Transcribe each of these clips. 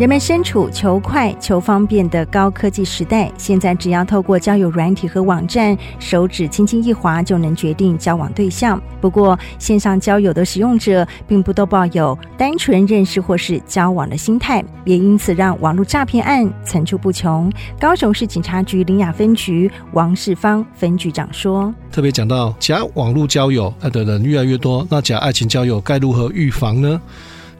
人們身處求快、求方便的高科技時代，現在只要透過交友軟體和網站，手指輕輕一滑就能決定交往對象。不過，線上交友的使用者並不都抱有單純認識或是交往的心態，也因此讓網絡詐騙案層出不窮。高雄市警察局苓雅分局王世芳分局長說：“特別講到假網絡交友的人越來越多，那假愛情交友該如何預防呢？”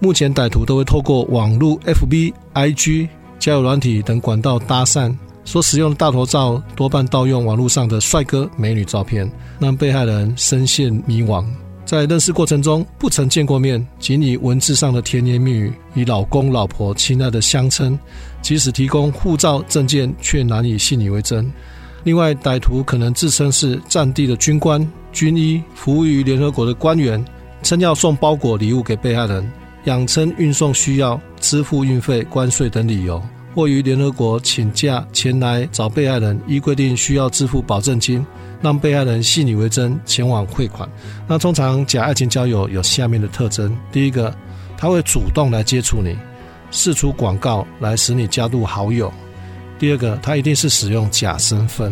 目前歹徒都會透過網絡、FB、IG 交友軟體等管道搭訕，所使用的大頭照多半盜用網絡上的帥哥美女照片，讓被害人深陷迷惘。在認識過程中，不曾見過面，僅以文字上的甜言蜜語，以老公、老婆、親愛的相稱。即使提供護照證件，卻難以信以為真。另外，歹徒可能自稱是戰地的軍官、軍醫，服務於聯合國的官員，稱要送包裹、禮物給被害人。聲稱運送需要支付運費、關稅等理由，或於聯合國請假前來找被害人，依規定需要支付保證金，讓被害人信以為真前往匯款。那通常假愛情交友有下面的特徵：第一個，他會主動來接觸你，釋出廣告來使你加入好友；第二個，他一定是使用假身份；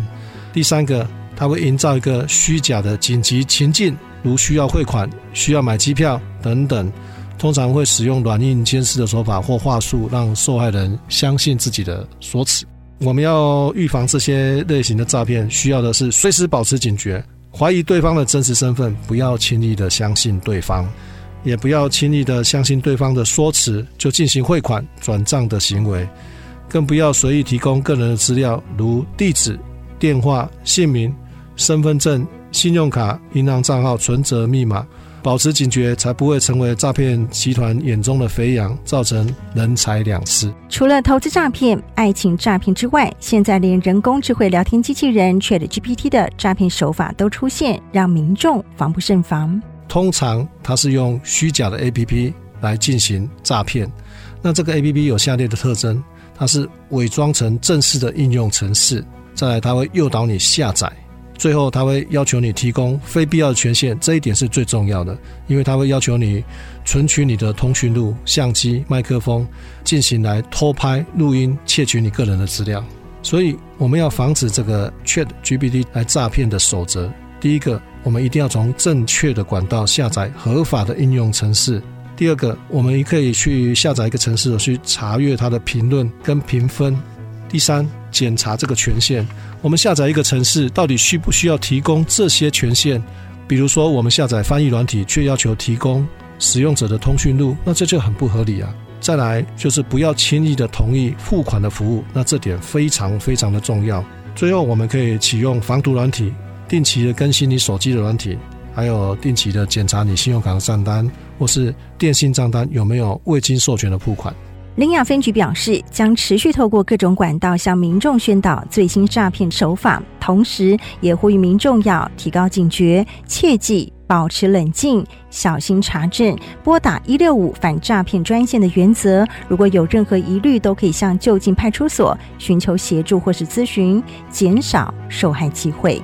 第三個，他會營造一個虛假的緊急情境，如需要匯款、需要買機票等等。通常會使用軟硬兼施的手法或話術，讓受害人相信自己的說辭。我們要預防這些類型的詐騙，需要的是隨時保持警覺，懷疑對方的真實身份，不要輕易的相信對方，也不要輕易的相信對方的說辭就進行匯款轉賬的行為，更不要隨意提供個人的資料，如地址、電話、姓名、身份證、信用卡、銀行賬號、存折、密碼。保持警覺，才不會成為詐騙集團眼中的肥羊，造成人財兩失。除了投資詐騙、愛情詐騙之外，現在連人工智慧聊天機器人 ChatGPT 的詐騙手法都出現，讓民眾防不勝防。通常，它是用虛假的 APP 來進行詐騙。那這個 APP 有下列的特徵：它是偽裝成正式的應用程式，再來，它會誘導你下載。最後，他會要求你提供非必要的權限，這一點是最重要的，因為他會要求你存取你的通訊錄、相機、麥克風，進行來偷拍、錄音、竊取你個人的資料。所以，我們要防止這個 ChatGPT 來詐騙的守則。第一個，我們一定要從正確的管道下載合法的應用程式；第二個，我們也可以去下載一個程式去查閱它的評論跟評分。第三，檢查這個權限，我們下載一個程式，到底需不需要提供這些權限？比如說，我們下載翻譯軟體，卻要求提供使用者的通訊錄，那這就很不合理啊。再來就是不要輕易的同意付款的服務，那這點非常非常的重要。最後，我們可以啟用防毒軟體，定期的更新你手機的軟體，還有定期的檢查你信用卡的賬單或是電信賬單有沒有未經授權的付款。苓雅分局表示，將持續透過各種管道向民眾宣導最新詐騙手法，同時也呼籲民眾要提高警覺，切記保持冷靜，小心查證，撥打一六五反詐騙專線的原則。如果有任何疑慮，都可以向就近派出所尋求協助或是諮詢，減少受害機會。